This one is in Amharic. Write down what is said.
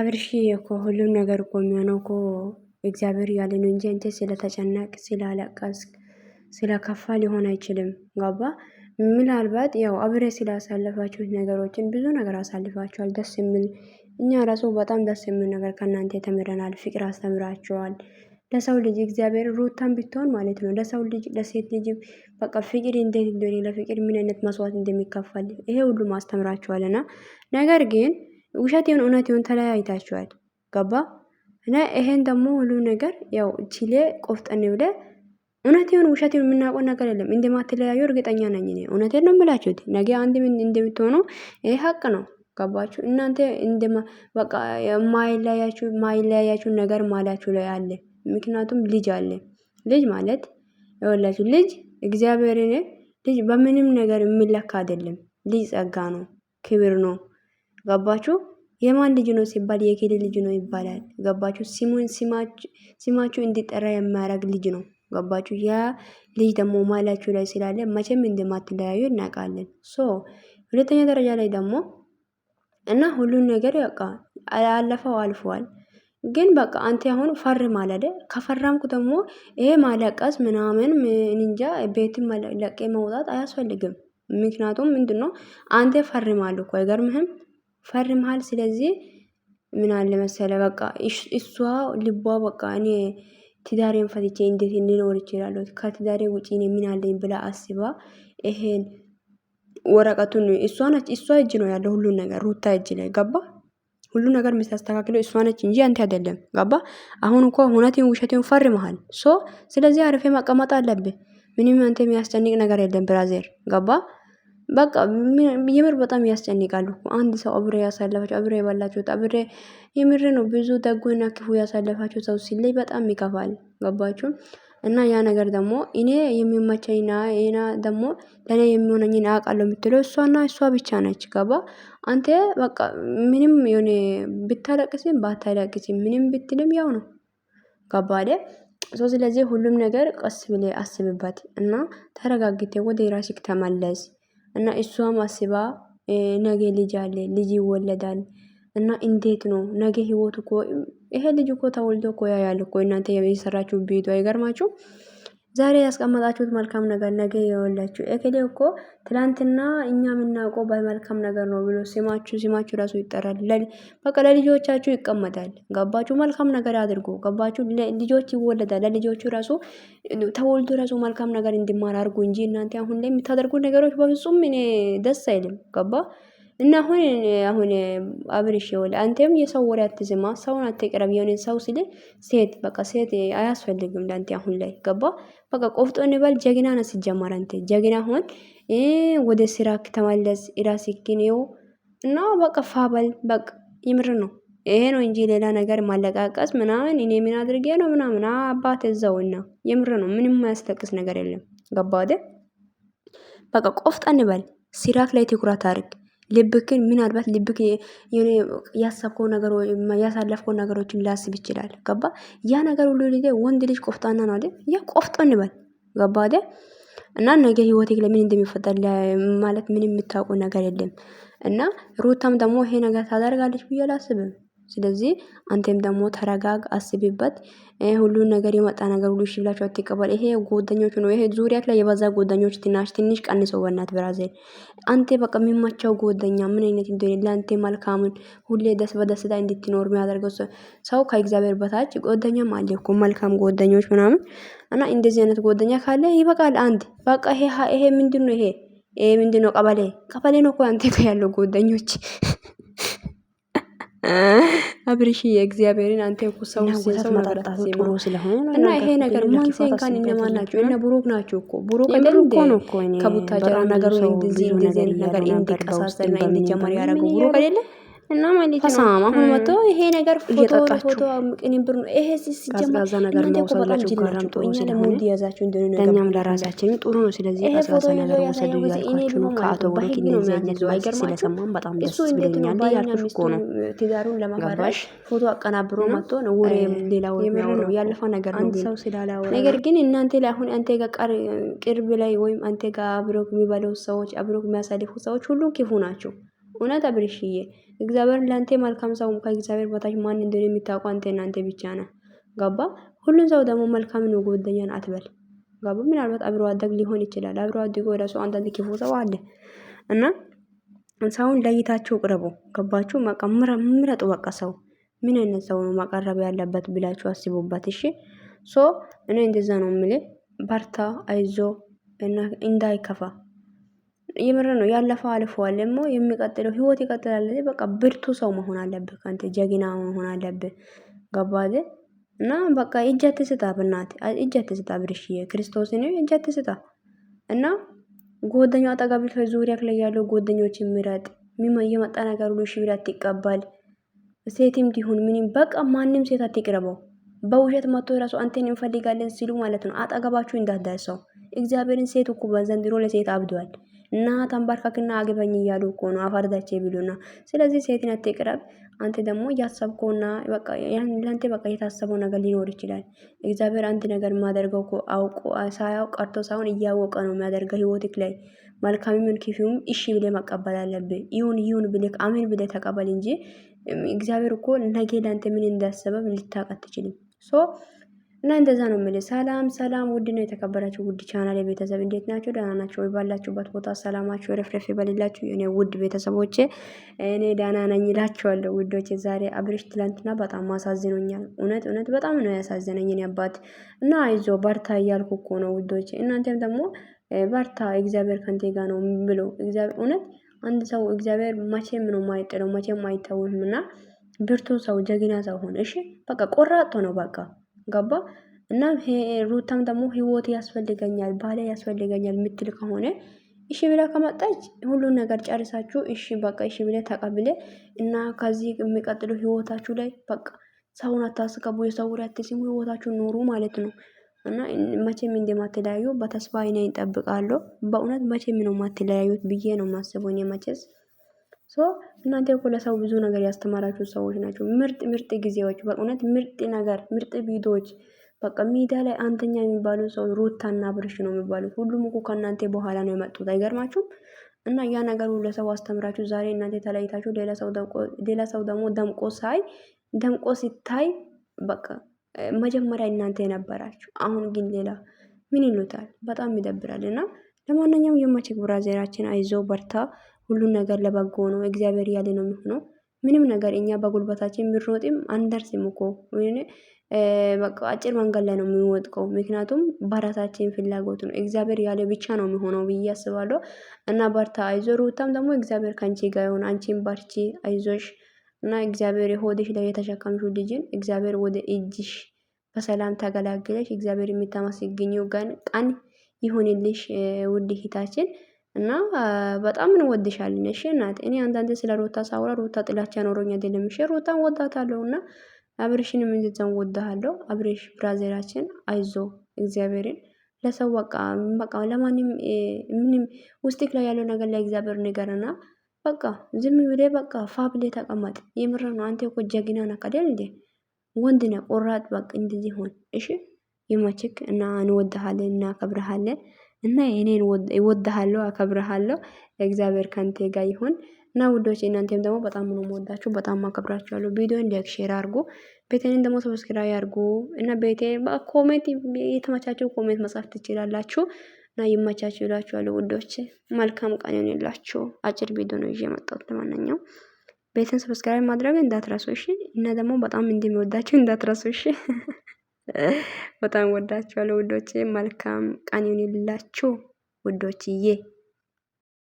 አብርሽ እኮ ሁሉም ነገር እኮ የሚሆነው እኮ እግዚአብሔር ያለ ነው እንጂ አንተ ስለተጨነቅ ስላለቀስክ ስለከፋ ሊሆን አይችልም። ጋባ ምናልባት ያው አብሬ ስላሳለፋችሁት ነገሮችን ብዙ ነገር አሳልፋችኋል። ደስ የሚል እኛ ራሱ በጣም ደስ የሚል ነገር ከእናንተ ተምረናል። ፍቅር አስተምራችኋል። ለሰው ልጅ እግዚአብሔር ሩታን ብትሆን ማለት ነው ለሰው ልጅ ለሴት ልጅ በቃ ፍቅር እንዴት እንደሆነ ለፍቅር ምን አይነት መስዋዕት እንደሚከፈል ይሄ ሁሉም አስተምራችኋልና ነገር ግን ውሸት ይሁን እውነት ይሁን ተለያይታችኋል። ገባ እና ይሄን ደግሞ ሁሉ ነገር ያው ችሌ ቆፍጠን ብለ እውነት ይሁን ውሸት ይሁን የምናውቀው ነገር የለም። እንደማትለያዩ እርግጠኛ ነኝ እውነት ነው የምላችሁት። ነገ አንድ እንደምትሆኑ ይሄ ሀቅ ነው። ገባችሁ እናንተ እንደማ በቃ የማይለያያችሁ ነገር ማላችሁ ላይ አለ። ምክንያቱም ልጅ አለ። ልጅ ማለት የወላችሁ ልጅ እግዚአብሔርን ልጅ በምንም ነገር የሚለካ አይደለም። ልጅ ጸጋ ነው፣ ክብር ነው። ገባችሁ? የማን ልጅ ነው ሲባል የኬል ልጅ ነው ይባላል። ገባችሁ? ሲሙን ሲማችሁ እንዲጠራ የሚያደርግ ልጅ ነው። ገባችሁ? ያ ልጅ ደግሞ ማላችሁ ላይ ስላለ መቼም እንደማትለያዩ እናውቃለን። ሶ ሁለተኛ ደረጃ ላይ ደግሞ እና ሁሉን ነገር በቃ አለፈው አልፏል። ግን በቃ አንተ አሁን ፈርም ማለደ ከፈረምኩ ደግሞ ይሄ ማለቀስ ምናምን እንጃ ቤትን ለቄ መውጣት አያስፈልግም። ምክንያቱም ምንድነው አንተ ፈርማለሁ እኮ አይገርምህም? ፈርመሃል። ስለዚህ ምን አለ መሰለ በቃ እሷ ልቧ በቃ እኔ ትዳሬን ፈትቼ እንዴት እንኖር ይችላለሁ ከትዳሬ ውጪ እኔ ምን አለኝ ብላ አስባ ይሄን ወረቀቱን እሷ ነች። እሷ እጅ ነው ያለ ሁሉን ነገር ሩታ እጅ ላይ ገባ። ሁሉ ነገር የምታስተካክለው እሷ ነች እንጂ አንተ አይደለም። ገባ። አሁን እኮ እውነትን ውሸትን ፈርመሃል። ሶ ስለዚህ አርፌ መቀመጥ አለብህ። ምንም አንተ የሚያስጨንቅ ነገር የለም ብራዘር። ገባ። በቃ የምር በጣም ያስጨንቃሉ። አንድ ሰው አብሬ ያሳለፋቸው አብሬ የበላችሁት አብሬ የምር ነው ብዙ ደጎና ክፉ ያሳለፋቸው ሰው ሲለይ በጣም ይከፋል። ገባችሁ? እና ያ ነገር ደግሞ እኔ የሚመቸኝና ና ደግሞ ለእኔ የሚሆነኝን አውቃለሁ የምትለው እሷና እሷ ብቻ ነች። ገባ? አንተ በቃ ምንም የሆነ ብታለቅስም ባታለቅስም ምንም ብትልም ያው ነው። ገባ አይደል? ሶ ስለዚህ ሁሉም ነገር ቀስ ብለህ አስብበት እና ተረጋግተህ ወደ ራስህ ተመለስ እና እሷም አስባ ነገ ልጅ አለ ልጅ ይወለዳል እና እንዴት ነው ነገ ህይወት እኮ ይሄ ልጅ እኮ ተወልዶ እኮ ያያል እኮ እናንተ የሰራችሁ ቤቱ አይገርማችሁ? ዛሬ ያስቀመጣችሁት መልካም ነገር ነገ የወላችሁ እከሌ እኮ ትላንትና እኛ የምናውቀው በመልካም ነገር ነው ብሎ ስማችሁ ስማችሁ ራሱ ይጠራል። በቃ ለልጆቻችሁ ይቀመጣል። ገባችሁ? መልካም ነገር አድርጎ ገባችሁ? ልጆች ይወለዳል። ለልጆቹ ራሱ ተወልዶ ራሱ መልካም ነገር እንዲማር አድርጉ እንጂ እናንተ አሁን ላይ የምታደርጉ ነገሮች በፍጹም እኔ ደስ አይልም። ገባ እና አሁን አሁን አብርሽ ይኸውልህ አንተም የሰው ወሬ አትስማ፣ ሰውን አትቅረብ። የሆነ ሰው ሲል ሴት በቃ ሴት አያስፈልግም ለአንተ አሁን ላይ ገባ። በቃ ቆፍጦ ንበል። ጀግና ነህ ሲጀመር አንተ ጀግና ሆን፣ ወደ ስራ ተመለስ። ራስህን እየው እና በቃ ፋበል በቃ ይምር ነው ይሄ ነው እንጂ ሌላ ነገር ማለቃቀስ ምናምን እኔ ምን አድርጌ ነው ምናምን አባት እዛውና ይምር ነው። ምንም ማያስለቅስ ነገር የለም። ገባ አይደል? በቃ ቆፍጠን በል። ሲራክ ላይ ትኩረት አድርግ። ልብክን ምናልባት ልብክ የሆነ ያሰብከው ነገር ያሳለፍከው ነገሮችን ሊያስብ ይችላል። ገባ ያ ነገር ሁሉ ጊዜ ወንድ ልጅ ቆፍጣና ነው አይደል? ያ ቆፍጠን በል ገባ አይደል? እና ነገ ህይወቴ ለምን እንደሚፈጠር ማለት ምንም የምታውቁ ነገር የለም። እና ሩታም ደግሞ ይሄ ነገር ታደርጋለች ብዬ አላስብም። ስለዚህ አንተም ደግሞ ተረጋግ፣ አስቢበት። ሁሉን ነገር የመጣ ነገር ሁሉ ሽብላቸው አትቀበል። ይሄ ጓደኞቹ ነው። ይሄ ዙሪያክ ላይ የበዛ ጎደኞች ትናሽ ትንሽ ቀንሶ ወናት ብራዚል አንተ በቃ የሚማቸው ጎደኛ ምን አይነት እንደሆነ ለአንተ መልካምን ሁሌ ደስ በደስታ እንድትኖር የሚያደርገው ሰው ከእግዚአብሔር በታች ጎደኛ አለ እኮ መልካም ጎደኞች ምናምን እና እንደዚህ አይነት ጎደኛ ካለ ይበቃል። አንድ በቃ ይሄ ይሄ ነው ይሄ ይሄ ነው? ቀበሌ ቀበሌ ነው እኮ አንተ ያለው ጎደኞች አብርሽዬ የእግዚአብሔርን አንተ እኮ ሰው ሰው መጣጣት ጥሩ ስለሆነ እና ይሄ ነገር ማን ካን እነማን ናቸው? እነ ቡሩክ ናቸው እኮ ቡሩክ አይደል እኮ ነው እኮ እኔ ከቡታጀራ ነገሩ እንደዚህ እንደዚህ ነገር እንዲቀሳሰልና እንዲጀመር ያደረገው ቡሩክ አይደለም እና ማለት ነው አሁን መቶ ይሄ ነገር ፎቶ ፎቶ ቅንብር ነው። ይሄ ሲጀመር ነገር ነው። ሰላችሁ ጋራም ጥሩ ስለሆነ ለእኛም ለራሳችን ጥሩ ነው። ስለዚህ ቀዝቃዛ ነገር መውሰዱ ያልኳችሁ ነው። ከአቶ ብሩክ እንደዚህ አይነት ወይስ ስለሰማን በጣም ደስ ብለኛል ያልኩሽ እኮ ነው። ትዳሩን ለማፈራሽ ፎቶ አቀናብሮ መጥቶ ነው ወሬ ሌላ ወሬ ነው ያለፈ ነገር ነው። ሰው ስላላወራ ነገር ግን እናንተ ላይ አሁን አንተ ጋር ቀር ቅርብ ላይ ወይም አንተ ጋር አብረው የሚበሉ ሰዎች አብረው የሚያሳልፉ ሰዎች ሁሉ ክፉ ናቸው። እውነት አብርሽዬ እግዚአብሔር ለአንተ መልካም ሰው ከእግዚአብሔር በታች ማን እንደሆነ የሚታውቀው አንተና አንተ ብቻ ነህ። ገባ? ሁሉም ሰው ደግሞ መልካም ነው ጎደኛን አትበል። ገባ? ምናልባት አብሮ አደግ ሊሆን ይችላል። አብሮ አድጎ ወደ ሰው አንዳንድ ክፉ ሰው አለ እና ሰውን ለይታችሁ ቅረቡ። ገባችሁ? ምረጡ። በቃ ሰው ምን አይነት ሰው ነው ማቀረብ ያለበት ብላችሁ አስቡበት። እሺ ሶ እኔ እንደዛ ነው የምልህ። በርታ፣ አይዞ እና እንዳይከፋ የምር ነው። ያለፈው አልፈዋል። ደግሞ የሚቀጥለው ህይወት ይቀጥላል። በቃ ብርቱ ሰው መሆን አለብህ። ከአንተ ጀግና መሆን አለብህ። ገባህ? እና በቃ እጅ አትስጣ፣ በእናትህ እጅ አትስጣ። ብርሽዬ ክርስቶስን እጅ አትስጣ። እና ጓደኛ አጠገብ ዙሪያ ላይ ያለው ጓደኞችን ምረጥ። የመጣ ነገር ሁሉ ሽብር ብለህ አትቀበል። ሴትም ትሁን ምንም በቃ ማንም ሴት አትቅረበው። በውሸት መጥቶ ራሱ አንተን እንፈልጋለን ሲሉ ማለት ነው አጠገባችሁ እንዳትደርሰው። እግዚአብሔርን ሴት እኮ በዘንድሮ ለሴት አብዷል። እና ተንበርከክና አግበኝ እያሉ እኮ ነው አፋርዳቸው ይብሉና። ስለዚህ ሴትን አትቅረብ። አንተ ደግሞ እያሰብከውና በቃ ለአንተ በቃ የታሰበው ነገር ሊኖር ይችላል። እግዚአብሔር አንድ ነገር ማደርገው እኮ አውቆ ሳያውቅ ቀርቶ ሳይሆን እያወቀ ነው የሚያደርገው ህይወትክ ላይ መልካምም ክፉም እሺ ብለ መቀበል አለብህ። ይሁን ይሁን ብለ አሜን ብለ ተቀበል እንጂ እግዚአብሔር እኮ ነገ ላንተ ምን እንዳሰበ ልታውቅ አትችልም። ሶ እና እንደዛ ነው የምልህ። ሰላም ሰላም፣ ውድ ነው የተከበራችሁ ውድ ቻናል የቤተሰብ እንዴት ናችሁ? ደህና ናችሁ ወይ? ባላችሁበት ቦታ ሰላማችሁ ረፍረፍ ይበልላችሁ። እኔ ውድ ቤተሰቦቼ እኔ ደህና ነኝ እላችኋለሁ። ውዶቼ ዛሬ አብርሽ ትላንትና በጣም አሳዝኖኛል። እውነት እውነት በጣም ነው ያሳዘነኝ እኔ አባት እና አይዞ በርታ እያልኩ እኮ ነው ውዶቼ። እናንተም ደግሞ በርታ፣ እግዚአብሔር ከንቴ ጋር ነው ብሎ እውነት አንድ ሰው እግዚአብሔር መቼም ነው ማይጥለው መቼም አይተውም እና ብርቱ ሰው ጀግና ሰው ሆነ። እሺ በቃ ቆራጥ ነው በቃ ገባ እና ሩታም ደግሞ ህይወት ያስፈልገኛል ባለ ያስፈልገኛል የምትል ከሆነ እሺ ብለ ከመጣች ሁሉን ነገር ጨርሳችሁ እሺ በቃ እሺ ብለ ተቀብለ እና ከዚህ የሚቀጥሉ ህይወታችሁ ላይ በቃ ሰውን አታስቀቡ፣ የሰው ወሬ አትስሙ፣ ህይወታችሁ ኑሩ ማለት ነው እና መቼም እንደማትለያዩ በተስፋ አይነ ይጠብቃለሁ። በእውነት መቼም ነው ማትለያዩት ብዬ ነው ማስበው እኔ መቼስ ሶ እናንተ እኮ ለሰው ብዙ ነገር ያስተማራችሁ ሰዎች ናቸው። ምርጥ ምርጥ ጊዜዎች በእውነት ምርጥ ነገር ምርጥ ቪዲዮዎች በቃ ሚዲያ ላይ አንተኛ የሚባሉ ሰው ሩታና ብርሽ ነው የሚባሉት። ሁሉም እኮ ከእናንተ በኋላ ነው የመጡት። አይገርማችሁም? እና ያ ነገር ለሰው አስተምራችሁ ዛሬ እናንተ ተለይታችሁ ሌላ ሰው ደግሞ ደምቆ ሳይ ደምቆ ሲታይ በቃ መጀመሪያ እናንተ የነበራችሁ አሁን ግን ሌላ ምን ይሉታል። በጣም ይደብራል። እና ለማንኛውም የማቼክ ብራዜራችን አይዞ በርታ። ሁሉን ነገር ለበጎ ነው እግዚአብሔር ያለ ነው የሚሆነው። ምንም ነገር እኛ በጉልበታችን ብንሮጥም አንደርስም እኮ ወይ በቃ አጭር መንገድ ላይ ነው የሚወጥቀው። ምክንያቱም በራሳችን ፍላጎት ነው እግዚአብሔር ያለ ብቻ ነው የሚሆነው ብዬ አስባለሁ። እና በርታ አይዞ ሩታም ደግሞ እግዚአብሔር ካንቺ ጋር ይሁን። አንቺን ባርቺ አይዞሽ። እና እግዚአብሔር የሆድሽ ላይ የተሸከምሹ ልጅን እግዚአብሔር ወደ እጅሽ በሰላም ተገላግለሽ እግዚአብሔር የምታመሰግኚው ቀን ቀን ይሁንልሽ ውድ ሂታችን እና በጣም እንወድሻለን እሺ እናት፣ እኔ አንዳንዴ ስለ ሩታ ሳውራ ሩታ ጥላቻ ኖሮኝ አይደለም። እሺ ሩታን ወዳታለሁ እና አብሬሽን እንደዛው ወዳሃለሁ። አብሬሽ ብራዘራችን አይዞ እግዚአብሔርን ለሰው በቃ በቃ ለማንም ምንም ውስጥክ ላይ ያለው ነገር ለእግዚአብሔር ንገርና በቃ ዝም ብለ በቃ ፋብሌ ተቀመጥ። የምር ነው አንተ እኮ ጀግና ነህ አይደል እንዴ? ወንድ ነህ ቆራጥ። በቃ እንደዚህ ሆን እሺ። ይመችክ እና እንወድሃለን እና ከብረሃለን እና እኔን እወድሃለሁ፣ አከብረሃለሁ። እግዚአብሔር ከንቴ ጋር ይሁን እና ውዶች እናንተም ደግሞ በጣም ነው የምወዳችሁ፣ በጣም አከብራችኋለሁ። ቪዲዮን ላይክ፣ ሼር አድርጉ፣ ቤቴን ደግሞ ሰብስክራይብ አድርጉ እና ቤቴ ኮሜንት የተመቻችሁ ኮሜንት መጻፍ ትችላላችሁ እና ይመቻችሁ እላችኋለሁ ውዶች። መልካም ቀን ይሁንላችሁ። አጭር ቪዲዮ ነው ይዤ መጣሁት። ለማንኛውም ቤትን ሰብስክራይብ ማድረግ እንዳትረሱ እሺ። እና ደግሞ በጣም እንደሚወዳችሁ እንዳትረሱ እሺ። በጣም ወዳችኋለሁ ውዶቼ። መልካም ቀን ይሁንላችሁ ውዶችዬ።